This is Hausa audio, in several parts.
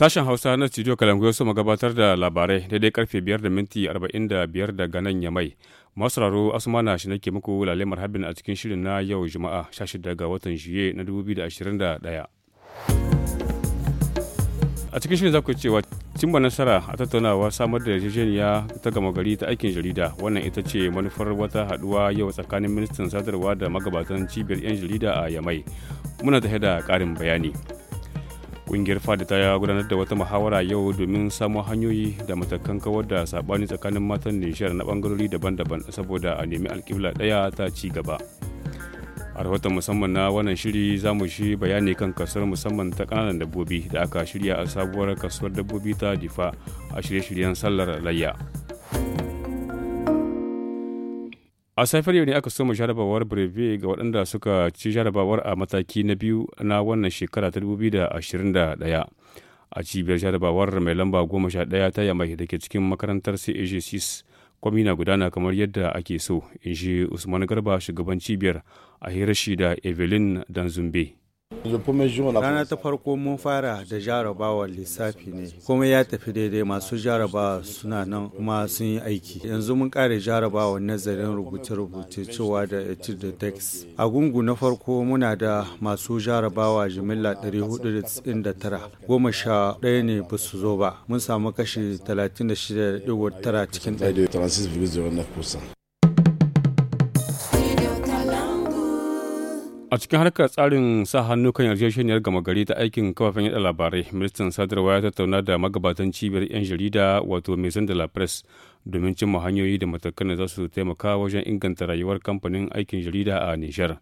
Sashen Hausa na Studio Kalangu ya soma gabatar da labarai daidai karfe 5 da minti 45 daga nan ya mai. Masararo Asmana shi nake muku lalemar harbin a cikin shirin na yau Juma'a 16 daga watan Juye na 2021. A cikin shirin za ku cewa cimma nasara a tattaunawa samar da yarjejeniya ta gama gari ta aikin jarida wannan ita ce manufar wata haduwa yau tsakanin ministan sadarwa da magabatan cibiyar 'yan jarida a Yamai. Muna da karin bayani. ƙungiyar fadi ta gudanar da wata muhawara yau domin samo hanyoyi da matakan kawar da saɓani tsakanin matan nishiyar na bangarori daban-daban saboda a nemi alkibla ɗaya ta ci gaba a rahoton musamman na wannan shiri za mu shi bayani kan kasuwar musamman ta ƙananan dabbobi da aka shirya a sabuwar kasuwar dabbobi ta difa a shirye-shiryen sallar layya a safiyar yau ne aka soma jarabawar breve ga waɗanda suka ci jarabawar a mataki na biyu na wannan shekara ta 2021 a cibiyar jarabawar mai lamba goma 11 ta yamai da ke cikin makarantar cag6 kwami na gudana kamar yadda ake so in ji usman garba shugaban cibiyar a hirashi da evelyn danzumbe Rana ta farko mun fara da jarabawa lissafi ne, kuma ya tafi daidai masu jarabawa suna nan kuma sun yi aiki. Yanzu mun kare jarabawa nazarin rubuce-rubuce cewa da etude da text. A gungu na farko muna da masu jarabawa jimilla 499, goma sha ɗaya ne ba su zo ba. Mun samu kashi 36.9 cikin ɗari. A cikin harkar tsarin sa hannu kan yarjejeniyar gama gari ta aikin kafafen yada labarai, ministan sadarwa ya tattauna da magabatan cibiyar 'yan jarida wato Maison de la Presse domin cimma hanyoyi da matakan da za su taimaka wajen inganta rayuwar kamfanin aikin jarida a Nijar.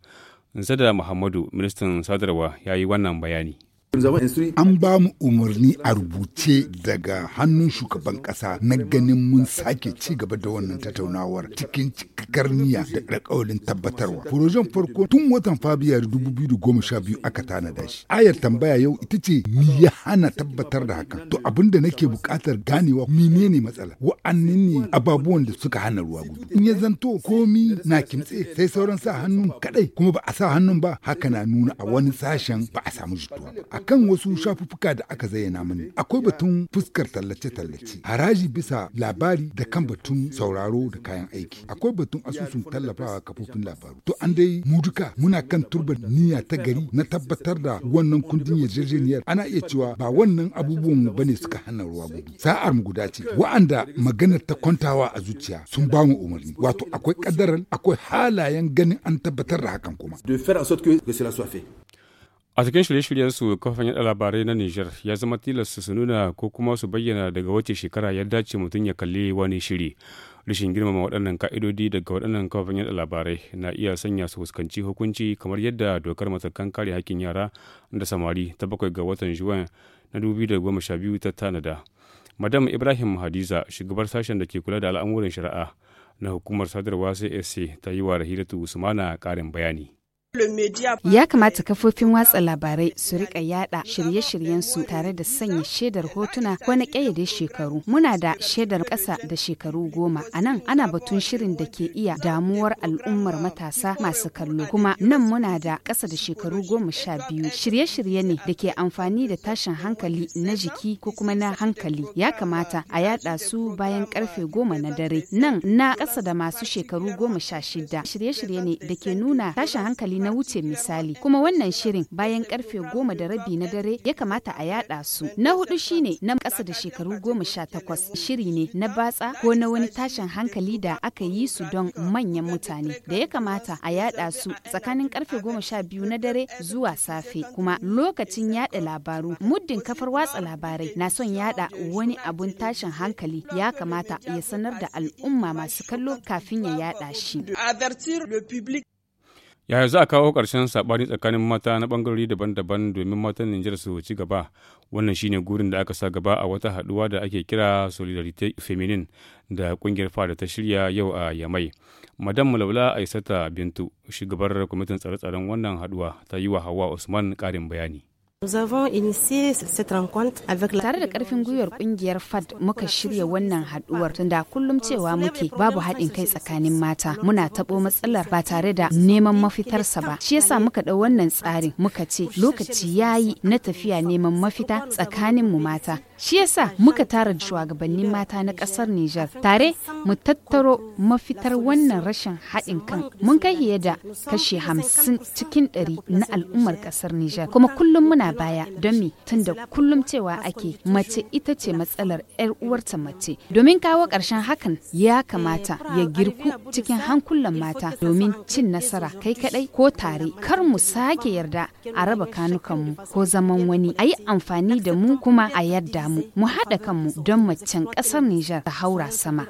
Nsada Muhammadu, ministan sadarwa, ya yi wannan bayani. An ba mu umarni a rubuce daga hannun shugaban ƙasa na ganin mun sake ci gaba da wannan tattaunawar cikin cikakkar niyya da ƙarƙaurin tabbatarwa. Furojen farko tun watan Fabiyar 2012 aka tanada shi. Ayar tambaya yau ita ce ni ya hana tabbatar da hakan. To abin da nake buƙatar ganewa menene matsala? Wa'annin ne ababuwan da suka hana ruwa gudu. In ya zanto komi na kimtse sai sauran sa hannun kaɗai kuma ba a sa hannun ba haka na nuna a wani sashen ba a samu jituwa ba. a kan wasu shafuffuka da aka zayyana mini akwai batun fuskar tallace-tallace haraji bisa labari da kan batun sauraro da kayan aiki akwai batun asusun tallafawa kafofin labaru to an dai mu duka muna kan turban niyya ta gari na tabbatar da wannan kundin yarjejeniyar ana iya cewa ba wannan abubuwan bane suka hana ruwa gudu sa'ar mu guda ce wa'anda maganar ta kwantawa a zuciya sun ba mu umarni wato akwai kadarar akwai halayen ganin an tabbatar da hakan kuma de faire en sorte que cela soit a cikin shirye-shiryensu kafin yada labarai na niger ya zama tilas su nuna ko kuma su bayyana daga wace shekara ya dace mutum ya kalli wani shiri rashin girmama waɗannan ka'idodi daga waɗannan kafin yada labarai na iya sanya su fuskanci hukunci kamar yadda dokar matakan kare hakkin yara da samari ta bakwai ga watan juwan na da goma sha biyu ta tanada madam ibrahim hadiza shugabar sashen da ke kula da al'amuran shari'a na hukumar sadarwa csc ta yi wa rahilatu usmana karin bayani Ya kamata kafofin watsa labarai su rika yada shirye shiryen su. tare da sanya shaidar hotuna ko na ƙayyade shekaru. Muna da shaidar ƙasa da shekaru goma. A nan ana batun shirin da ke iya damuwar al'ummar matasa masu kallo. Kuma nan muna da ƙasa da shekaru goma sha biyu. Shirye-shirye ne da ke amfani da tashin hankali na jiki ko kuma na hankali. Ya kamata a yada su bayan karfe goma na dare. Nan na ƙasa da masu shekaru goma sha shida. Shirye-shirye ne da ke nuna tashin hankali na na wuce misali kuma wannan shirin bayan karfe goma da rabi na dare ya kamata a yada su na hudu shine na ƙasa da shekaru goma sha takwas shiri ne na batsa ko na wani tashin hankali da aka yi su don manyan mutane da ya kamata a yada su tsakanin karfe goma sha biyu na dare zuwa safe kuma lokacin yada labaru muddin kafar watsa labarai na son yada wani abun tashin hankali ya kamata ya sanar da al'umma masu kallo kafin ya yada shi. Yaya za a kawo ƙarshen saɓani tsakanin mata na ɓangarori daban-daban domin matan Nijar su ci gaba? Wannan shine gurin da aka sa gaba a wata haɗuwa da ake kira Solidarité Feminine da ƙungiyar fada ta shirya yau a Yamai. Madam Laula Aisata Bintu, shugabar kwamitin tsare-tsaren wannan haɗuwa, ta yi wa Hawa Usman ƙarin bayani. Tare da karfin gwiwar ƙungiyar FAD muka shirya wannan haduwar tunda kullum cewa muke babu haɗin kai tsakanin mata muna taɓo matsalar ba tare da neman mafitarsa ba. Shi yasa muka ɗau wannan tsarin muka ce lokaci yayi na tafiya neman mafita tsakanin mu mata. Shi yasa muka tara shugabannin mata na ƙasar Nijar tare mu tattaro mafitar wannan rashin haɗin kan mun kai da kashi hamsin cikin ɗari na al'ummar ƙasar Nijar kuma kullum muna baya don me da kullum cewa ake mace ita ce matsalar 'yar uwarta mace domin kawo ƙarshen hakan ya kamata ya girku cikin hankulan mata domin cin nasara kai kadai ko tare kar mu sake yarda a raba kanukanmu ko zaman wani a yi amfani da mu kuma a yadda mu mu haɗa kanmu don macen ƙasar Nijar ta haura sama.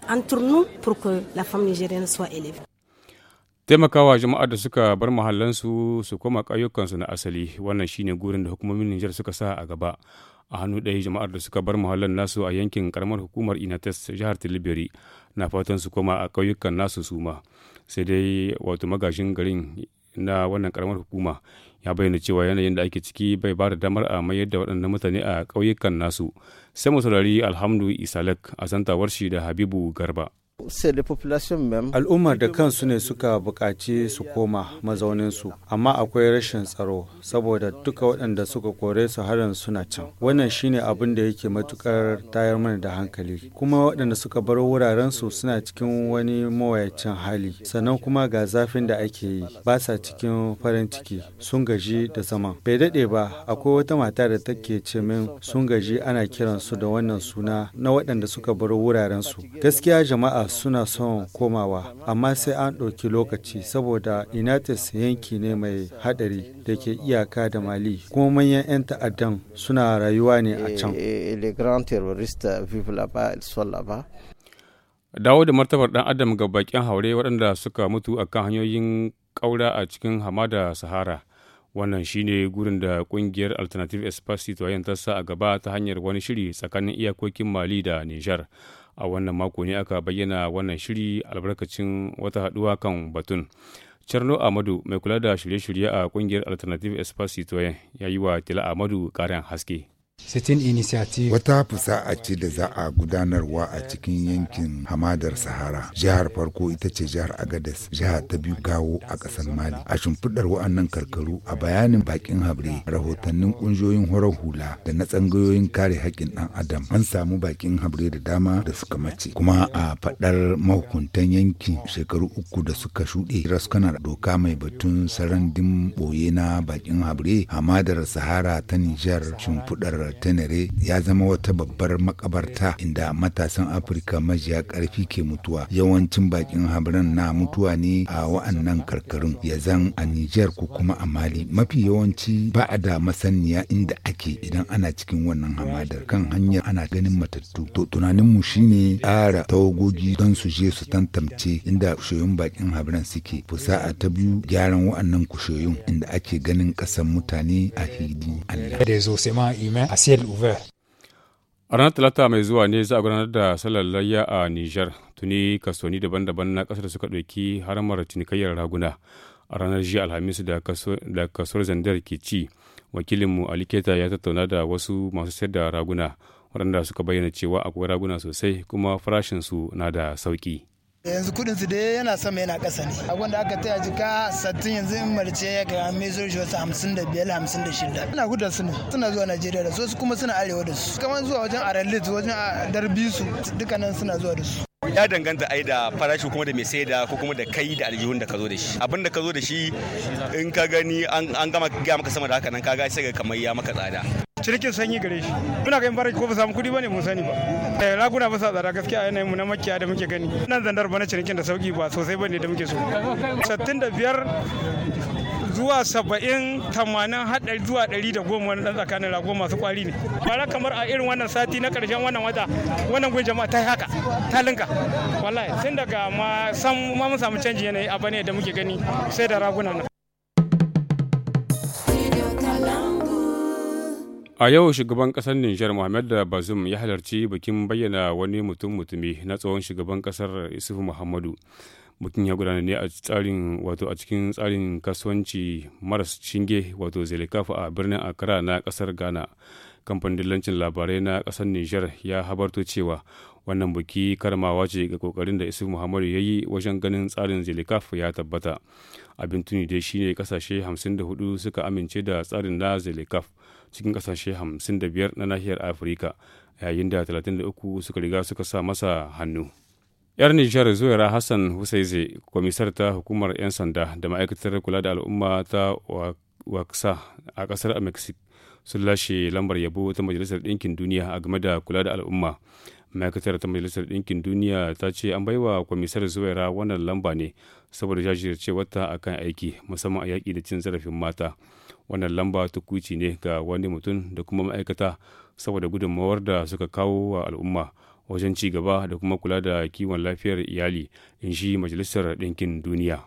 taimakawa jama'ar da suka bar mahallansu su koma ƙauyukansu na asali wannan shine gurin da hukumomin Nijar suka sa a gaba a hannu ɗaya jama'ar da suka bar mahallan nasu a yankin karamar hukumar inates jihar tilibiri na fatan su koma a ƙauyukan nasu suma sai dai wato magashin garin na wannan karamar hukuma ya bayyana cewa yanayin da ake ciki bai ba da damar a mayar da waɗannan mutane a ƙauyukan nasu sai mu saurari alhamdu isalak a santawar shi da habibu garba Al'ummar da kansu ne suka buƙaci su koma mazauninsu, amma akwai rashin tsaro saboda duka waɗanda suka kore su harin suna can. Wannan shine abin da yake matukar tayar mana da hankali. Kuma waɗanda suka bar wurarensu suna cikin wani mawayacin hali, sannan kuma ga zafin da ake yi ba sa cikin farin ciki sun gaji da zaman. Bai daɗe ba akwai wata mata da take ce min sun gaji ana kiransu da wannan suna na waɗanda suka bar wurarensu. Gaskiya jama'a suna son komawa, amma sai an ɗauki lokaci saboda Inatis yanki ne mai hadari da ke iyaka da Mali, kuma manyan 'yan ta'addan suna rayuwa ne a can. Eh, eh, eh, Dawo da martabar dan Adam ga bakin haure waɗanda suka mutu akan hanyoyin ƙaura a cikin hamada Sahara. wannan shine gurin da kungiyar alternative espace citoyen ta sa a gaba ta hanyar wani shiri tsakanin iyakokin mali da niger a wannan mako ne aka bayyana wannan shiri albarkacin wata haduwa kan batun charno amadu mai kula da shirye-shirye a kungiyar alternative espace citoyen ya yi wa tila amadu ƙarin haske Wata fusa'a ce da za a gudanarwa a cikin yankin hamadar Sahara. Jihar farko ita ce jihar Agadez, jihar ta biyu gawo a ƙasar Mali. A shimfiɗar wa'annan karkaru a bayanin bakin habre, rahotannin ƙungiyoyin horar hula da na tsangayoyin kare haƙƙin ɗan adam. An samu bakin habre da dama da suka mace. Kuma a faɗar mahukuntan yankin shekaru uku da suka shuɗe, raskanar doka mai batun sarandin ɓoye na bakin habre, hamadar Sahara ta Nijar shimfiɗar jihar tenere ya zama wata babbar makabarta inda matasan afirka majiya karfi ke mutuwa yawancin bakin habiran na mutuwa ne a wa'annan karkarun ya zan a nijar ko kuma a mali mafi yawanci ba a da masaniya inda ake idan ana cikin wannan hamadar kan hanyar ana ganin matattu to tunaninmu shine ƙara tawagogi don su je su tantance inda kushoyin bakin habiran suke fusa'a ta biyu gyaran wa'annan kushoyin inda ake ganin ƙasan mutane a hidin allah ciel ouvert. A ranar Talata mai zuwa ne za a gudanar da sallar layya a Nijar, tuni kasoni daban-daban na ƙasar suka ɗauki haramar cinikayyar raguna. A ranar jiya Alhamis da kasuwar zandar ke ci, wakilinmu Ali Keta ya tattauna da wasu masu sayar da raguna, waɗanda suka bayyana cewa akwai raguna sosai kuma farashinsu na da sauƙi. yanzu kudin su dai yana sama yana ƙasa ne abin aka taya jika sattin yanzu in marce ya ga mezo shi wasu hamsin da biyar hamsin da shida ina gudan su ne suna zuwa najeriya da su kuma suna arewa da su kamar zuwa wajen aralit wajen darbisu dukkanin suna zuwa da su ya danganta ai da farashi kuma da mai sai da ko kuma da kai da aljihun da ka zo da shi abin da ka zo da shi in ka gani an gama gaya maka sama da haka nan ka ga sai ga kamar ya maka tsada cinikin sanyi gare shi muna kai faraki ko ba samu kuɗi bane mun sani ba laguna eh, ba sa tsada gaskiya yanayin mu na makiya da muke gani nan zandar na cinikin da sauki ba sosai bane da muke so 65 zuwa saba'in tamanin haɗari zuwa ɗari da goma na tsakanin rago masu kwari ne bara kamar a irin wannan sati na ƙarshen wannan wata wannan gun jama'a ta yi haka ta linka wallahi tun daga ma mun samu canji yanayi a bane da muke gani sai da ragunan nan A yau shugaban ƙasar Nijar Mohamed Bazoum ya halarci bikin bayyana wani mutum-mutumi na tsohon shugaban ƙasar Isufu Muhammadu. Bikin ya gudana ne a tsarin wato a cikin tsarin kasuwanci maras shinge wato zelikafu a birnin Accra na ƙasar Ghana. Kamfanin dillancin labarai na ƙasar Nijar ya habarto cewa wannan biki karmawa ce ga kokarin da Isufu Muhammadu ya yi wajen ganin tsarin zelikaf ya tabbata. Abin tuni dai shine kasashe 54 suka amince da tsarin na zelikaf. cikin kasashe 55 na nahiyar afirka yayin da 33 suka riga suka sa masa hannu yar nijar zuwaira hassan husaize kwamisar ta hukumar 'yan sanda da ma'aikatar kula da al'umma ta waksa a kasar mexico sun lashe lambar yabo ta majalisar ɗinkin duniya a game da kula da al'umma ma'aikatar ta majalisar ɗinkin duniya ta ce an bai wa kwamisar zuwaira wannan lamba ne saboda a akan aiki musamman a yaƙi da cin zarafin mata wannan lamba tukuici ne ga wani mutum da kuma ma'aikata saboda gudunmawar da suka kawo wa al'umma wajen ci gaba da kuma kula da kiwon lafiyar iyali in shi majalisar ɗinkin duniya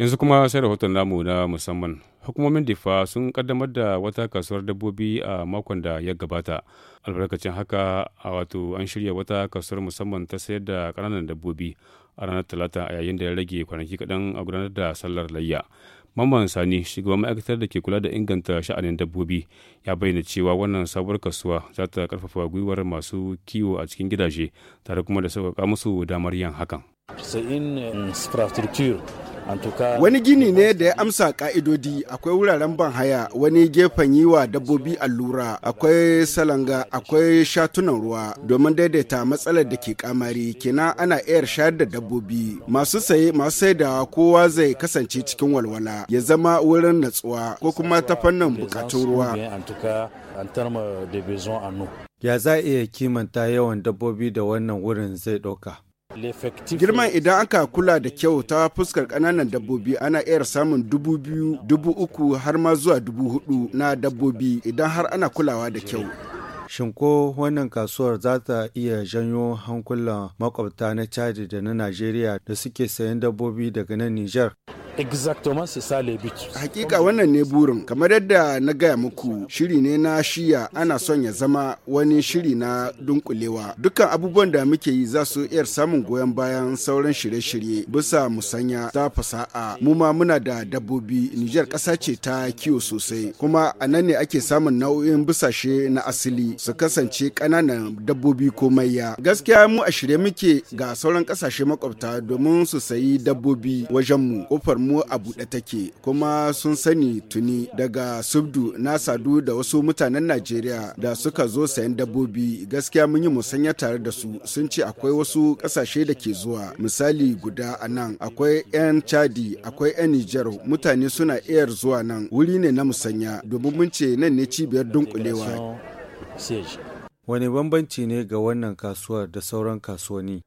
yanzu kuma sai rahoton namu na musamman hukumomin difa sun kaddamar da wata kasuwar dabbobi a makon da ya gabata albarkacin haka a wato an shirya wata kasuwar musamman ta sayar da kananan dabbobi a ranar talata a yayin da ya rage kwanaki kaɗan a gudanar da sallar layya mamman sani shugaban ma'aikatar da ke kula da inganta sha'anin dabbobi ya bayyana cewa wannan sabuwar kasuwa za ta karfafa gwiwar masu kiwo a cikin gidaje tare kuma da sauƙaƙa musu damar yin hakan Wani gini ne da ya amsa ka'idodi akwai wuraren ban haya wani gefen yi wa dabbobi allura akwai salanga akwai shatunan ruwa domin daidaita matsalar da ke kamari kina ana iya shayar da dabbobi masu saye masu da kowa zai kasance cikin walwala ya zama wurin natsuwa ko kuma ta fannin bukatun ruwa. Ya za iya kimanta yawan dabbobi da wannan wurin zai ɗauka. Girman idan aka kula da kyau ta fuskar kananan dabbobi ana iya samun dubu biyu, dubu uku har ma zuwa dubu hudu na dabbobi idan har ana kulawa da kyau. shinko wannan kasuwar za ta iya janyo hankulan makwabta na Chad da na Najeriya da suke sayan dabbobi daga nan Nijar? exactement c'est ça le but hakika wannan ne burin kamar yadda na gaya muku shiri ne na shiya ana son ya zama wani shiri na dunkulewa dukkan abubuwan da muke yi za su iya samun goyon bayan sauran shirye-shirye bisa musanya ta fasaha. mu ma muna da dabbobi Nijar ƙasa ce ta kiwo sosai kuma a nan ne ake samun nau'in bisashe na asili su kasance ƙananan dabbobi ko maiya gaskiya mu a shirye muke ga sauran ƙasashe makwabta domin su sayi dabbobi wajen mu kofar mu a buɗe take kuma sun sani tuni daga subdu na sadu da wasu mutanen najeriya da suka zo sayan dabbobi gaskiya mun yi musanya tare da su sun ce akwai wasu ƙasashe da ke zuwa misali guda a nan akwai 'yan chadi akwai 'yan nijar mutane suna iyar zuwa nan wuri ne na musanya domin mun ce nan ne cibiyar dunkulewa Wani bambanci ne ga wannan kasuwar da sauran kasuwanni?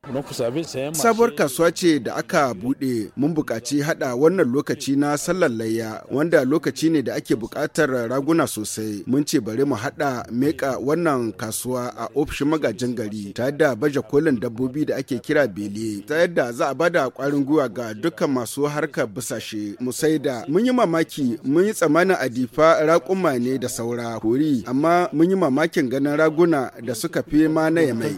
Sabuwar kasuwa ce da aka buɗe mun buƙaci haɗa wannan lokaci na sallar layya wanda lokaci ne da ake buƙatar raguna sosai. Mun ce bari mu haɗa meka wannan kasuwa a ofishin magajin gari tare da baje kolin dabbobi da ake kira bele ta yadda za a bada ƙwarin gwiwa ga dukkan masu harkar busashe mu saida. Mun yi mamaki mun yi tsamanin adifa raƙuma ne da saura kori amma mun yi mamakin ganin raguna da suka fi ma na yamai.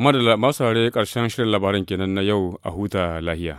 Madala masu haure ƙarshen shirin labarin kenan na yau a huta lahiya.